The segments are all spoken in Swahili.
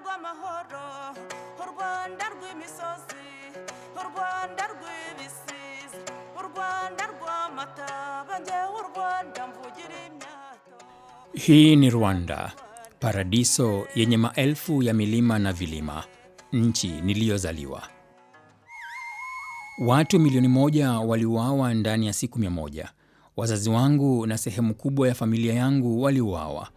rw'amahoro u rwanda rw'imisozi u rwanda rw'ibisiza u rwanda rw'amata u rwanda mvugira imyato hii ni rwanda paradiso yenye maelfu ya milima na vilima nchi niliyozaliwa watu milioni moja waliuawa ndani ya siku mia moja wazazi wangu na sehemu kubwa ya familia yangu waliuawa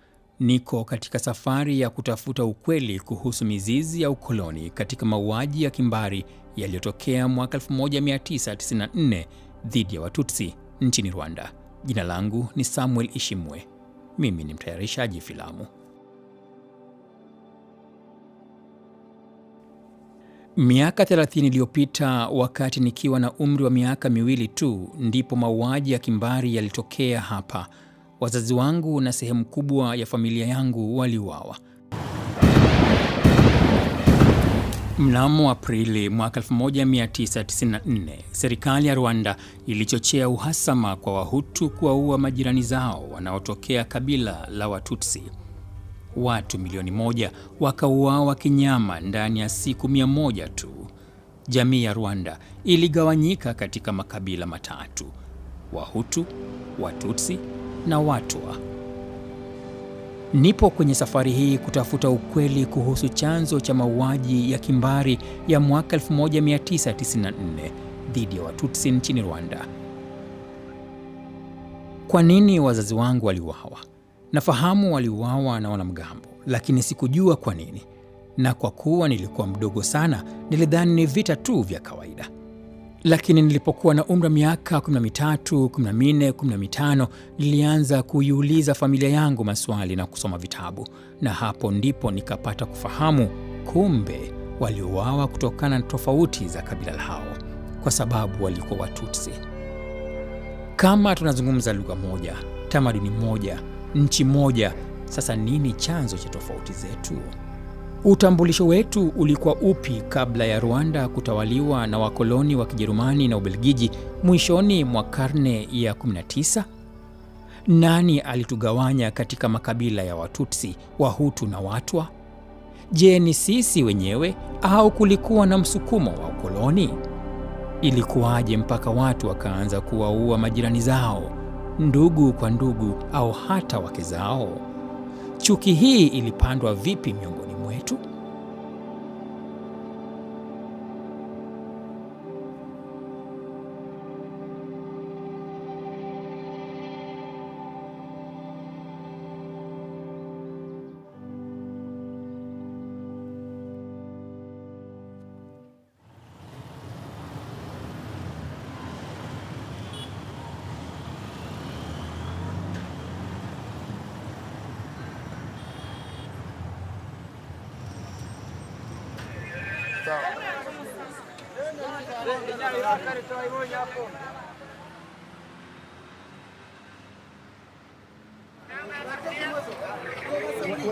Niko katika safari ya kutafuta ukweli kuhusu mizizi ya ukoloni katika mauaji ya kimbari yaliyotokea mwaka 1994 dhidi ya Watutsi nchini Rwanda. Jina langu ni Samuel Ishimwe. Mimi ni mtayarishaji filamu. Miaka 30 iliyopita, wakati nikiwa na umri wa miaka miwili tu, ndipo mauaji ya kimbari yalitokea hapa Wazazi wangu na sehemu kubwa ya familia yangu waliuawa. Mnamo Aprili mwaka 1994, serikali ya Rwanda ilichochea uhasama kwa Wahutu kuwaua majirani zao wanaotokea kabila la Watutsi. Watu milioni moja wakauawa kinyama ndani ya siku mia moja tu. Jamii ya Rwanda iligawanyika katika makabila matatu: Wahutu, Watutsi na Watwa. Nipo kwenye safari hii kutafuta ukweli kuhusu chanzo cha mauaji ya kimbari ya mwaka 1994 dhidi ya Watutsi nchini Rwanda. Kwa nini wazazi wangu waliuawa? Nafahamu waliuawa na wanamgambo, lakini sikujua kwa nini, na kwa kuwa nilikuwa mdogo sana, nilidhani ni vita tu vya kawaida. Lakini nilipokuwa na umri wa miaka 13, 14, 15 nilianza kuiuliza familia yangu maswali na kusoma vitabu, na hapo ndipo nikapata kufahamu kumbe waliuawa kutokana na tofauti za kabila lao kwa sababu walikuwa Watutsi. Kama tunazungumza lugha moja, tamaduni moja, nchi moja, sasa nini chanzo cha tofauti zetu? Utambulisho wetu ulikuwa upi kabla ya Rwanda kutawaliwa na wakoloni wa Kijerumani na Ubelgiji mwishoni mwa karne ya 19? Nani alitugawanya katika makabila ya Watutsi, Wahutu na Watwa? Je, ni sisi wenyewe au kulikuwa na msukumo wa ukoloni? Ilikuwaje mpaka watu wakaanza kuwaua majirani zao, ndugu kwa ndugu, au hata wake zao? Chuki hii ilipandwa vipi miongoni 为猪。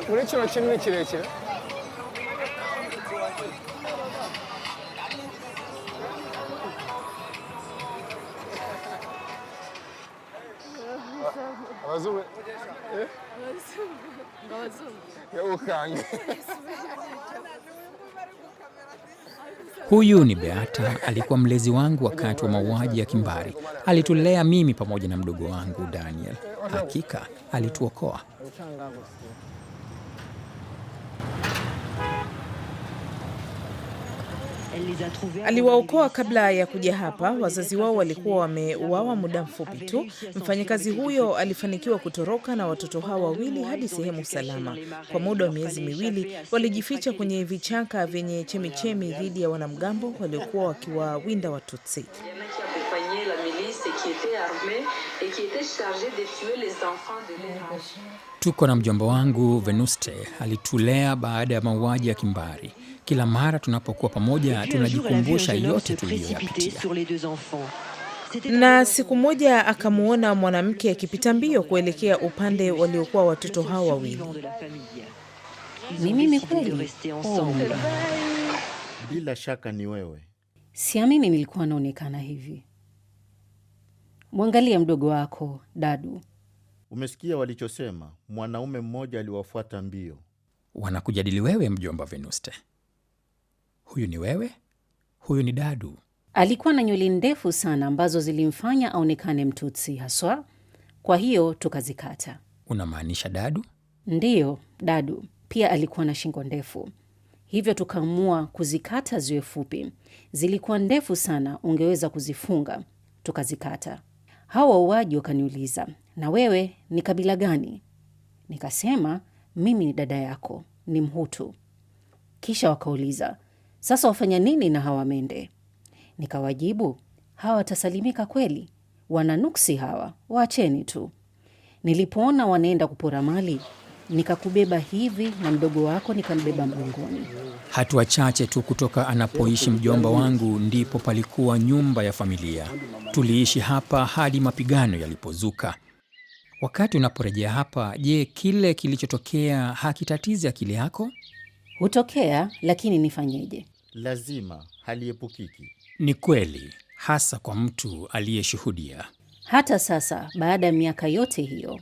우리 친구 친구 지내 지 Разумно. Разумно. Разумно. Я уханг. Huyu ni Beata, alikuwa mlezi wangu wakati wa mauaji ya kimbari. Alitulea mimi pamoja na mdogo wangu Daniel. Hakika alituokoa. Aliwaokoa kabla ya kuja hapa. Wazazi wao walikuwa wameuawa muda mfupi tu. Mfanyakazi huyo alifanikiwa kutoroka na watoto hao wawili hadi sehemu salama. Kwa muda wa miezi miwili walijificha kwenye vichaka vyenye chemichemi dhidi ya wanamgambo waliokuwa wakiwawinda Watutsi qui et qui de tuer les enfants de l'Iran. Tuko na mjomba wangu Venuste, alitulea baada ya mauaji ya kimbari. Kila mara tunapokuwa pamoja tunajikumbusha yote tuliyoyapitia. Na siku moja akamwona mwanamke akipita mbio kuelekea upande waliokuwa watoto hao wawili. Ni kweli? bila shaka ni wewe. Si nilikuwa naonekana hivi. Mwangalie mdogo wako dadu. Umesikia walichosema, mwanaume mmoja aliwafuata mbio. Wanakujadili wewe, mjomba Venuste. Huyu ni wewe, huyu ni dadu. Alikuwa na nywele ndefu sana ambazo zilimfanya aonekane Mtutsi haswa, kwa hiyo tukazikata. Unamaanisha dadu? Ndiyo, dadu. Pia alikuwa na shingo ndefu, hivyo tukaamua kuzikata ziwe fupi. Zilikuwa ndefu sana, ungeweza kuzifunga, tukazikata. Hawa wauaji wakaniuliza, na wewe ni kabila gani? Nikasema, mimi ni dada yako, ni Mhutu. Kisha wakauliza, sasa wafanya nini na hawa mende? Nikawajibu, hawa watasalimika kweli? Wananuksi hawa, waacheni tu. Nilipoona wanaenda kupora mali, nikakubeba hivi na mdogo wako nikambeba mgongoni. Hatua chache tu kutoka anapoishi mjomba wangu ndipo palikuwa nyumba ya familia. Tuliishi hapa hadi mapigano yalipozuka. Wakati unaporejea hapa, je, kile kilichotokea hakitatizi akili yako? Hutokea, lakini nifanyeje? Lazima, haliepukiki. Ni kweli, hasa kwa mtu aliyeshuhudia. Hata sasa baada ya miaka yote hiyo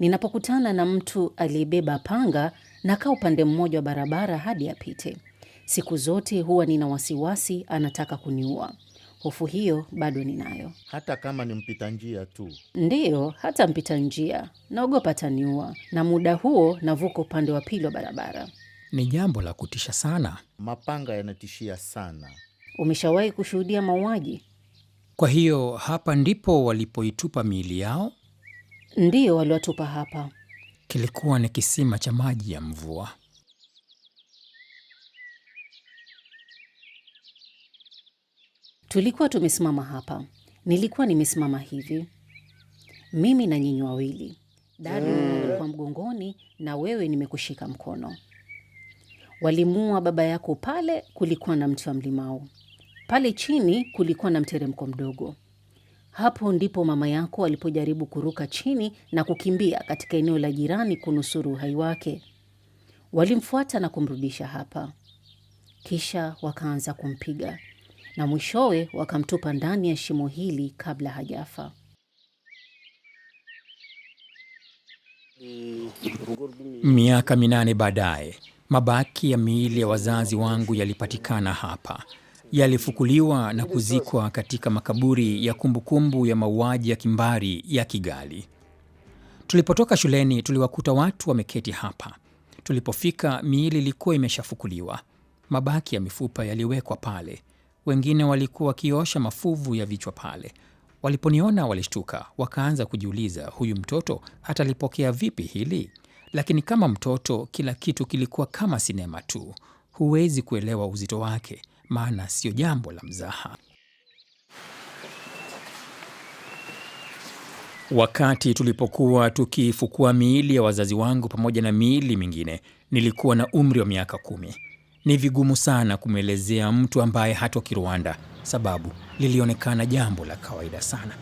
Ninapokutana na mtu aliyebeba panga, nakaa upande mmoja wa barabara hadi apite. Siku zote huwa nina wasiwasi anataka kuniua. Hofu hiyo bado ninayo, hata kama ni mpita njia tu. Ndiyo, hata mpita njia naogopa ataniua, na muda huo navuka upande wa pili wa barabara. Ni jambo la kutisha sana. Mapanga yanatishia sana. Umeshawahi kushuhudia mauaji? Kwa hiyo hapa ndipo walipoitupa miili yao? Ndiyo, waliwatupa hapa. Kilikuwa ni kisima cha maji ya mvua. Tulikuwa tumesimama hapa, nilikuwa nimesimama hivi, mimi na nyinyi wawili. Dadu kwa mgongoni na wewe nimekushika mkono. Walimuua baba yako. Pale kulikuwa na mti wa mlimau, pale chini kulikuwa na mteremko mdogo. Hapo ndipo mama yako alipojaribu kuruka chini na kukimbia katika eneo la jirani kunusuru uhai wake. Walimfuata na kumrudisha hapa, kisha wakaanza kumpiga na mwishowe wakamtupa ndani ya shimo hili kabla hajafa. Miaka minane baadaye, mabaki ya miili ya wazazi wangu yalipatikana hapa yalifukuliwa na kuzikwa katika makaburi ya kumbukumbu ya mauaji ya kimbari ya Kigali. Tulipotoka shuleni tuliwakuta watu wameketi hapa. Tulipofika miili ilikuwa imeshafukuliwa, mabaki ya mifupa yaliwekwa pale. Wengine walikuwa wakiosha mafuvu ya vichwa pale. Waliponiona walishtuka, wakaanza kujiuliza, huyu mtoto atalipokea vipi hili? Lakini kama mtoto, kila kitu kilikuwa kama sinema tu, huwezi kuelewa uzito wake maana sio jambo la mzaha. Wakati tulipokuwa tukifukua miili ya wazazi wangu pamoja na miili mingine, nilikuwa na umri wa miaka kumi. Ni vigumu sana kumwelezea mtu ambaye hatoki Rwanda, sababu lilionekana jambo la kawaida sana.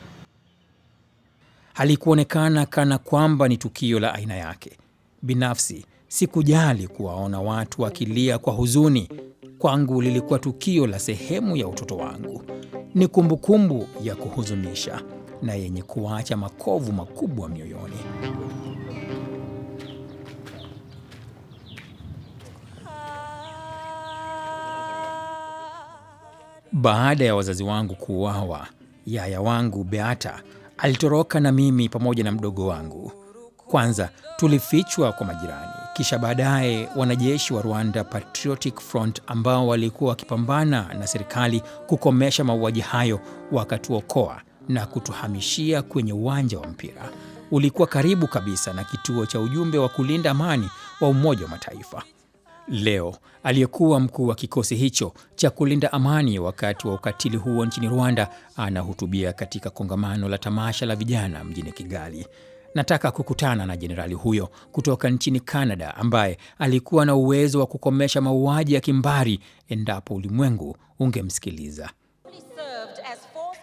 Halikuonekana kana kwamba ni tukio la aina yake. Binafsi sikujali kuwaona watu wakilia kwa huzuni kwangu lilikuwa tukio la sehemu ya utoto wangu. Ni kumbukumbu kumbu ya kuhuzunisha na yenye kuacha makovu makubwa mioyoni. Baada ya wazazi wangu kuuawa, yaya wangu Beata alitoroka na mimi pamoja na mdogo wangu. Kwanza tulifichwa kwa majirani. Kisha baadaye wanajeshi wa Rwanda Patriotic Front ambao walikuwa wakipambana na serikali kukomesha mauaji hayo wakatuokoa na kutuhamishia kwenye uwanja wa mpira. Ulikuwa karibu kabisa na kituo cha ujumbe wa kulinda amani wa Umoja wa Mataifa. Leo aliyekuwa mkuu wa kikosi hicho cha kulinda amani wakati wa ukatili huo nchini Rwanda anahutubia katika kongamano la tamasha la vijana mjini Kigali. Nataka kukutana na jenerali huyo kutoka nchini canada ambaye alikuwa na uwezo wa kukomesha mauaji ya kimbari endapo ulimwengu ungemsikiliza.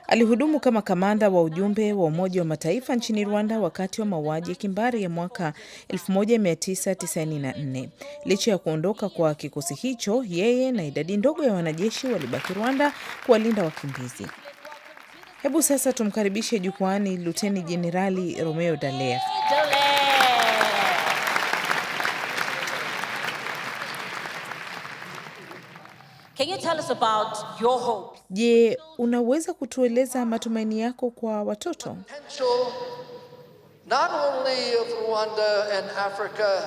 Alihudumu kama kamanda wa ujumbe wa Umoja wa Mataifa nchini Rwanda wakati wa mauaji ya kimbari ya mwaka 1994. Licha ya kuondoka kwa kikosi hicho, yeye na idadi ndogo ya wanajeshi walibaki Rwanda kuwalinda wakimbizi. Hebu sasa tumkaribishe jukwani Luteni Jenerali Romeo Dalea. Je, unaweza kutueleza matumaini yako kwa watoto? Not only of Rwanda and Africa,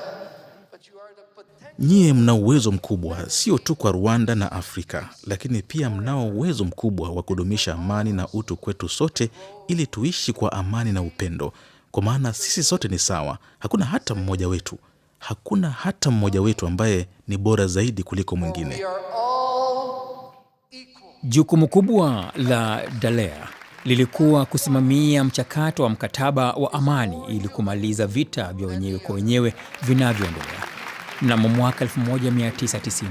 Nyie mna uwezo mkubwa sio tu kwa Rwanda na Afrika, lakini pia mnao uwezo mkubwa wa kudumisha amani na utu kwetu sote, ili tuishi kwa amani na upendo, kwa maana sisi sote ni sawa. Hakuna hata mmoja wetu, hakuna hata mmoja wetu ambaye ni bora zaidi kuliko mwingine. Jukumu kubwa la dalea lilikuwa kusimamia mchakato wa mkataba wa amani ili kumaliza vita vya wenyewe kwa wenyewe vinavyoendelea. Mnamo mwaka 1990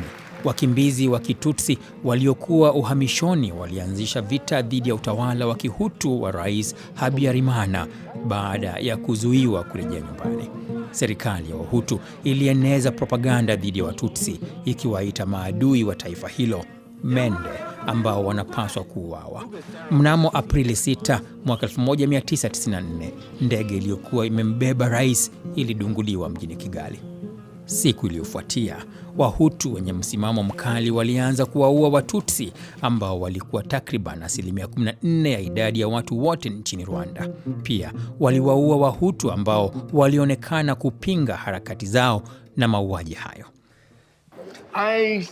wakimbizi wa Kitutsi waliokuwa uhamishoni walianzisha vita dhidi ya utawala wa Kihutu wa Rais Habyarimana baada ya kuzuiwa kurejea nyumbani. Serikali ya Wahutu ilieneza propaganda dhidi ya Watutsi ikiwaita maadui wa taifa hilo mende ambao wanapaswa kuuawa. Mnamo Aprili 6 mwaka 1994, ndege iliyokuwa imembeba rais ilidunguliwa mjini Kigali. Siku iliyofuatia Wahutu wenye msimamo mkali walianza kuwaua Watutsi ambao walikuwa takriban asilimia 14 ya idadi ya watu wote nchini Rwanda. Pia waliwaua Wahutu ambao walionekana kupinga harakati zao na mauaji hayo. I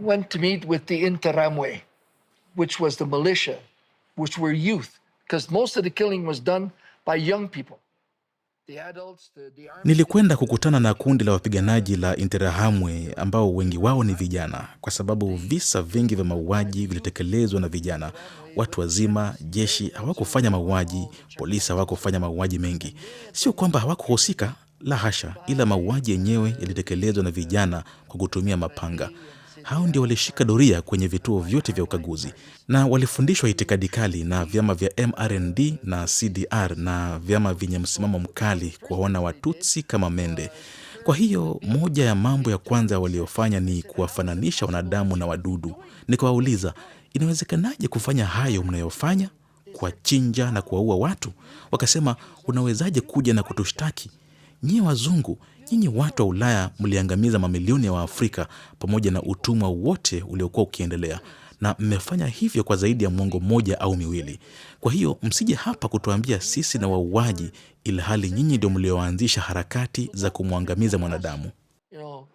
went to meet with the Interahamwe which was the militia which were youth because most of the killing was done by young people. Nilikwenda kukutana na kundi la wapiganaji la Interahamwe ambao wengi wao ni vijana, kwa sababu visa vingi vya mauaji vilitekelezwa na vijana. Watu wazima, jeshi hawakufanya mauaji, polisi hawakufanya mauaji mengi. Sio kwamba hawakuhusika, la hasha, ila mauaji yenyewe yalitekelezwa na vijana kwa kutumia mapanga. Hao ndio walishika doria kwenye vituo vyote vya ukaguzi na walifundishwa itikadi kali na vyama vya MRND na CDR na vyama vyenye msimamo mkali kuwaona Watutsi kama mende. Kwa hiyo moja ya mambo ya kwanza waliofanya ni kuwafananisha wanadamu na wadudu. Nikawauliza, inawezekanaje kufanya hayo mnayofanya, kuwachinja na kuwaua watu? Wakasema, unawezaje kuja na kutushtaki? nyie wazungu, nyinyi watu wa Ulaya mliangamiza mamilioni ya Waafrika pamoja na utumwa wote uliokuwa ukiendelea, na mmefanya hivyo kwa zaidi ya mwongo mmoja au miwili. Kwa hiyo msije hapa kutuambia sisi na wauaji, ilhali nyinyi ndio mlioanzisha harakati za kumwangamiza mwanadamu. You know,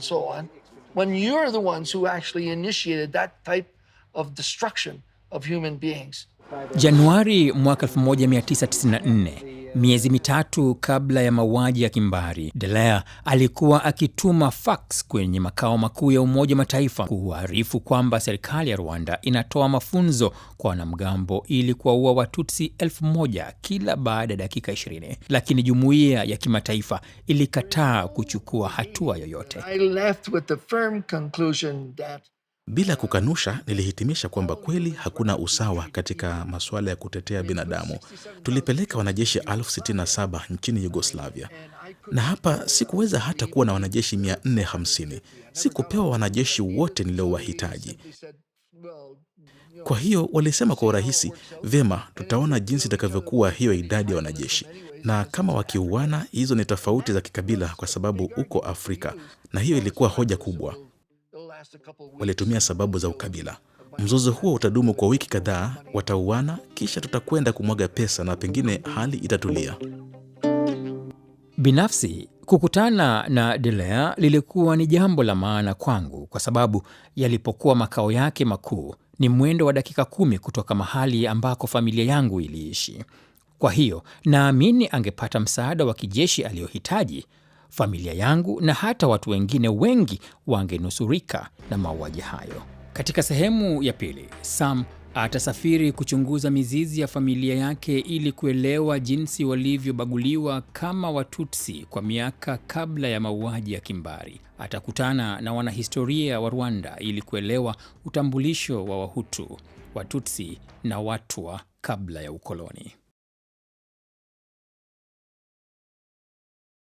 so on, Januari mwaka 1994 Miezi mitatu kabla ya mauaji ya kimbari, Delea alikuwa akituma fax kwenye makao makuu ya Umoja wa Mataifa kuwaarifu kwamba serikali ya Rwanda inatoa mafunzo kwa wanamgambo ili kuwaua Watutsi elfu moja kila baada ya dakika 20, lakini jumuiya ya kimataifa ilikataa kuchukua hatua yoyote. Bila kukanusha, nilihitimisha kwamba kweli hakuna usawa katika masuala ya kutetea binadamu. Tulipeleka wanajeshi elfu sitini na saba nchini Yugoslavia, na hapa sikuweza hata kuwa na wanajeshi 450. Sikupewa wanajeshi wote niliowahitaji. Kwa hiyo walisema kwa urahisi, vyema, tutaona jinsi itakavyokuwa hiyo idadi ya wanajeshi, na kama wakiuana, hizo ni tofauti za kikabila, kwa sababu uko Afrika, na hiyo ilikuwa hoja kubwa. Walitumia sababu za ukabila. Mzozo huo utadumu kwa wiki kadhaa, watauana, kisha tutakwenda kumwaga pesa na pengine hali itatulia. Binafsi, kukutana na Delea lilikuwa ni jambo la maana kwangu kwa sababu yalipokuwa makao yake makuu ni mwendo wa dakika kumi kutoka mahali ambako familia yangu iliishi. Kwa hiyo naamini angepata msaada wa kijeshi aliyohitaji familia yangu na hata watu wengine wengi wangenusurika na mauaji hayo. Katika sehemu ya pili, Sam atasafiri kuchunguza mizizi ya familia yake ili kuelewa jinsi walivyobaguliwa kama Watutsi kwa miaka kabla ya mauaji ya kimbari. Atakutana na wanahistoria wa Rwanda ili kuelewa utambulisho wa Wahutu, Watutsi na Watwa kabla ya ukoloni.